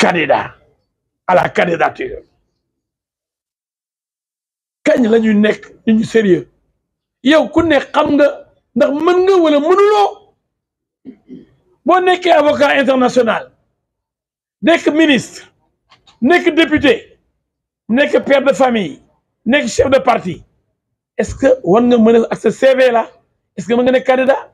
candidat à la candidature Quand la il sérieux yow ku xam nga ndax Vous nga avocat international un ministre un député un père de famille chef de parti est-ce que vous nga un à CV la est-ce que Vous nga candidat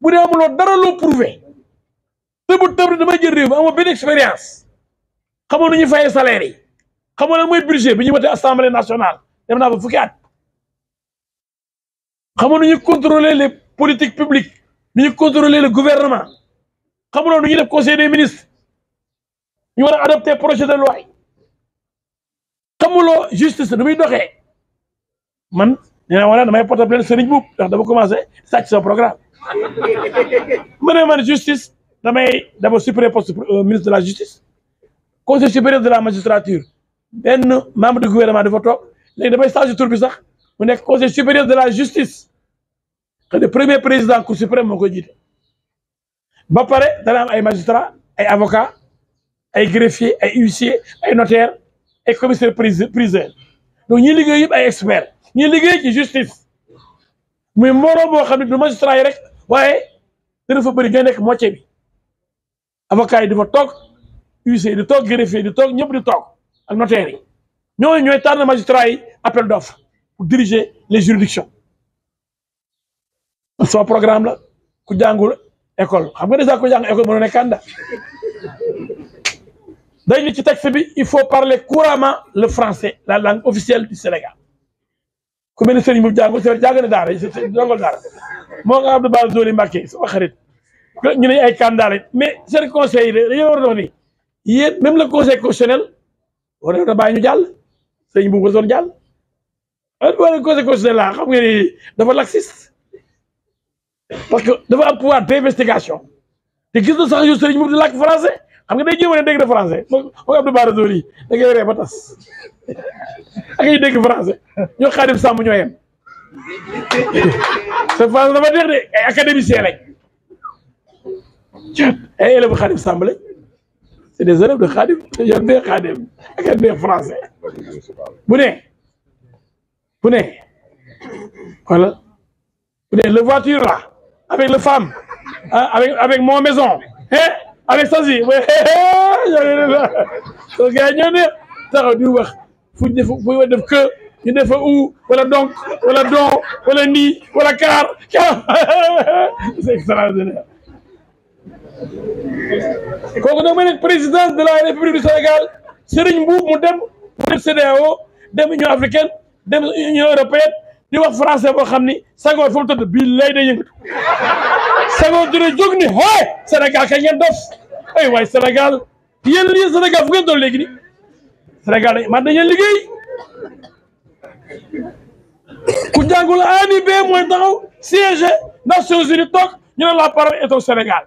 vous tëb tëb damay jël réew mi amoo benn expérience xamoon nañu fay salaire yi xamoon na mooy budget bi ñu wote assemblée nationale dem naa ba fukki at xamoon nañu contrôler les politiques publiques nu ñu contrôler le gouvernement xamuloon nu ñuy def conseil des ministres ñu war a adopter projet de loi xamuloo justice nu muy doxee man nee naa wala damay porter plainte Serigne Mboup ndax dama commencé sàcc sa programme ma ne man justice dame dama supprimer ministre de la justice conseil supérieur de la magistrature ben membre du gouvernement de toog les damay changer tur bi sax mu conseil supérieur de la justice que le premier président cour suprême mon koy Bapare, ba pare dana am ay magistrat ay avocat ay greffier ay huissier ay notaire commissaires commissaire prison. donc ñuy liggéey yëpp ay expert ñuy liggéey ci justice mais moi, moi, xam ne du magistrat yi rek waaye dana fa bëri ngay nekk moitié avocat yi di fa toog huissier di Tok, greffier di Tok, ñëpp di Tok, ak notaire yi ñooñu ñooy tànn magistrat appel d'offre pour diriger les juridictions Soit programme la ku école xam nga déjà ku jàng école mon nekk Dans dañ ni ci texte bi il faut parler couramment le français la langue officielle du Sénégal ku le ni sëriñ bu jàngul jàng na daara jàngal daara moo nga Abdou Bara Dolly xarit ñu ne ay candidat lañ mais seen conseil yi dañoo war a doon ni yéen même le conseil constitutionnel war nañoo bàyyi ñu jàll sëñ bu war doon jàll wala conseil constitutionnel laa xam dafa laxiste parce que dafa am pouvoir d'investigation te gis na sax yu sëriñ boobu di làkk français xam nga day jéem a dégg de français moom moom Abdou Bara Dolly da ngay ree ba tas ak ñuy Les eh, élèves Khadim semblent, c'est des élèves de Khadim des Khadim français Vous voilà Vous le voiture là avec le femme hein, avec avec mon maison hein avec Sazi donc voilà don voilà c'est extraordinaire kooku dama ne présidence de la république du Sénégal Serigne mbou mu dem mu dem CEDEAO dem union africaine dem union européenne di wax français bo xamni ni fu tudd bi lay day yëngatu Senghor dina jóg ni hee Sénégal ka ñen dof ay way Sénégal yeen li Sénégal fu ngeen do léegi ni Sénégal man dañuy liggéey ku ani be moy taxaw siège Nations Unies tok ñu la parole est au Sénégal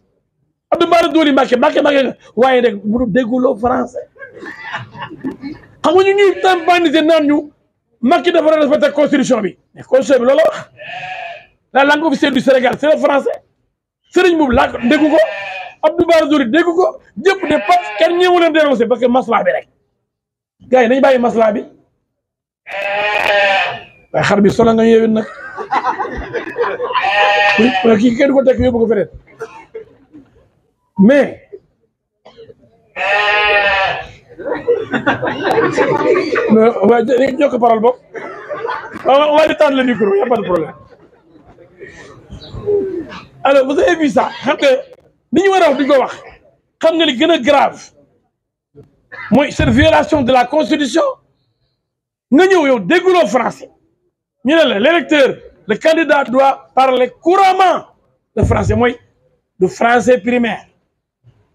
Abdou Bara Dolly Mbacké Mbacké Mbacké waaye rek bu dégguloo français xam nga ñu ñuy tempaniser naan ñu Macky dafa respecté constitution bi mais constitution bi loolu wax la langue officielle du Sénégal c'est le français sëriñ boobu ko déggu ko Abdou Bara ko jëpp ne pat kenn ñëwu leen dénoncé parce que masla bi rek gars yi nañ bàyyi masla bi waaye xar bi solo nga ñëwin nag kii kenn ko yóbbu ko feneen Mais parole euh. on va lui le micro il n'y a pas de problème alors vous avez vu ça Quand nga ni ñu war wax duñ nga grave cette violation de la constitution nous ñëw yow dégguloo français l'électeur le candidat doit parler couramment le français moi le français primaire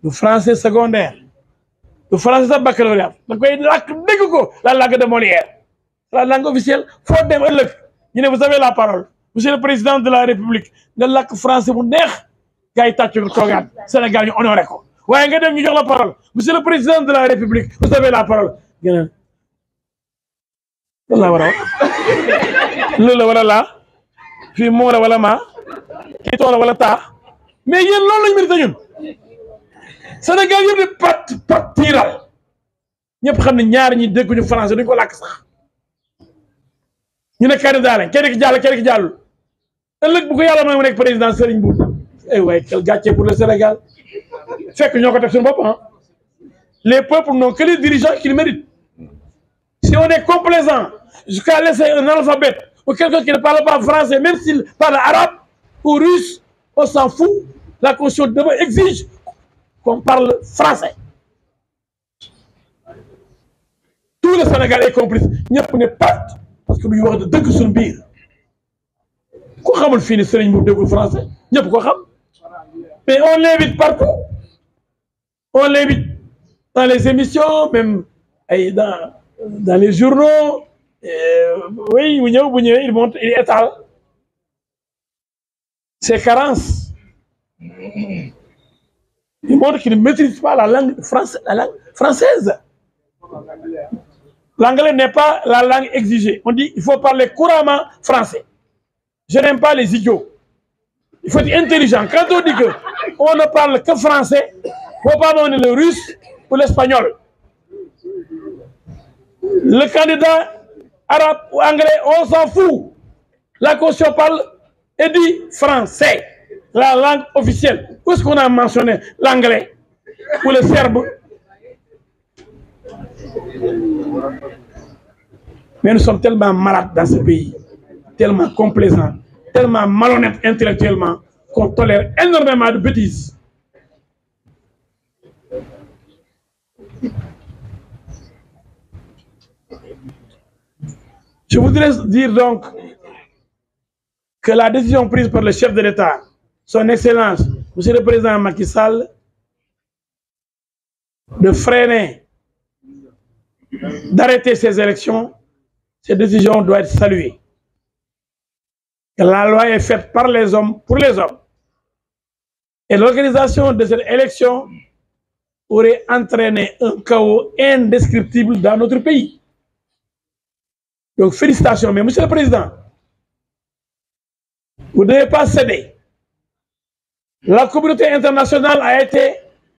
du français secondaire du français baccalauréat la langue de Molière la langue officielle vous avez la parole monsieur le président de la république le français neex ko c'est la parole monsieur le président de la république vous avez la parole la parole. la wala l'a mais Sénégal yëpp di pat pat tiiral ñëpp xam ne ñaar ñi dégguñu français duñu ko làkk sax ñu ne candidat lañ kenn ki jàll kenn ki jàllul ëllëg bu ko yàlla may mu nekk président Serigne Mboup ay eh waaye quel gàcce pour le Sénégal fekk ñoo ko nous suñu bopp ah les peuples n'ont que les dirigeants qu'ils méritent si on est complaisant jusqu'à laisser un alphabet. ou quelqu'un qui ne parle pas français même s'il parle arabe ou russe on s'en fout la conscience de demain exige qu'on parle français tout le Sénégal est a pas de part parce que lui wax de questions que son finit xamul le ni une de français pas ko mais on l'évite partout on l'évite dans les émissions même dans dans les journaux oui il monte, il monte il étale ses carences il montre qu'il ne maîtrise pas la langue, française. L'anglais n'est pas la langue exigée. On dit qu'il faut parler couramment français. Je n'aime pas les idiots. Il faut être intelligent. Quand on dit qu'on ne parle que français, il faut pas donner le russe ou l'espagnol. Le candidat arabe ou anglais, on s'en fout. La caution parle et dit français la langue officielle. Où est-ce qu'on a mentionné l'anglais ou le serbe Mais nous sommes tellement malades dans ce pays, tellement complaisants, tellement malhonnêtes intellectuellement, qu'on tolère énormément de bêtises. Je voudrais dire donc que la décision prise par le chef de l'État son excellence, monsieur le président Macky Sall, de freiner, d'arrêter ces élections, ces décisions doivent être saluée. La loi est faite par les hommes, pour les hommes. Et l'organisation de cette élection aurait entraîné un chaos indescriptible dans notre pays. Donc félicitations, mais monsieur le président, vous ne devez pas céder. La communauté internationale a été este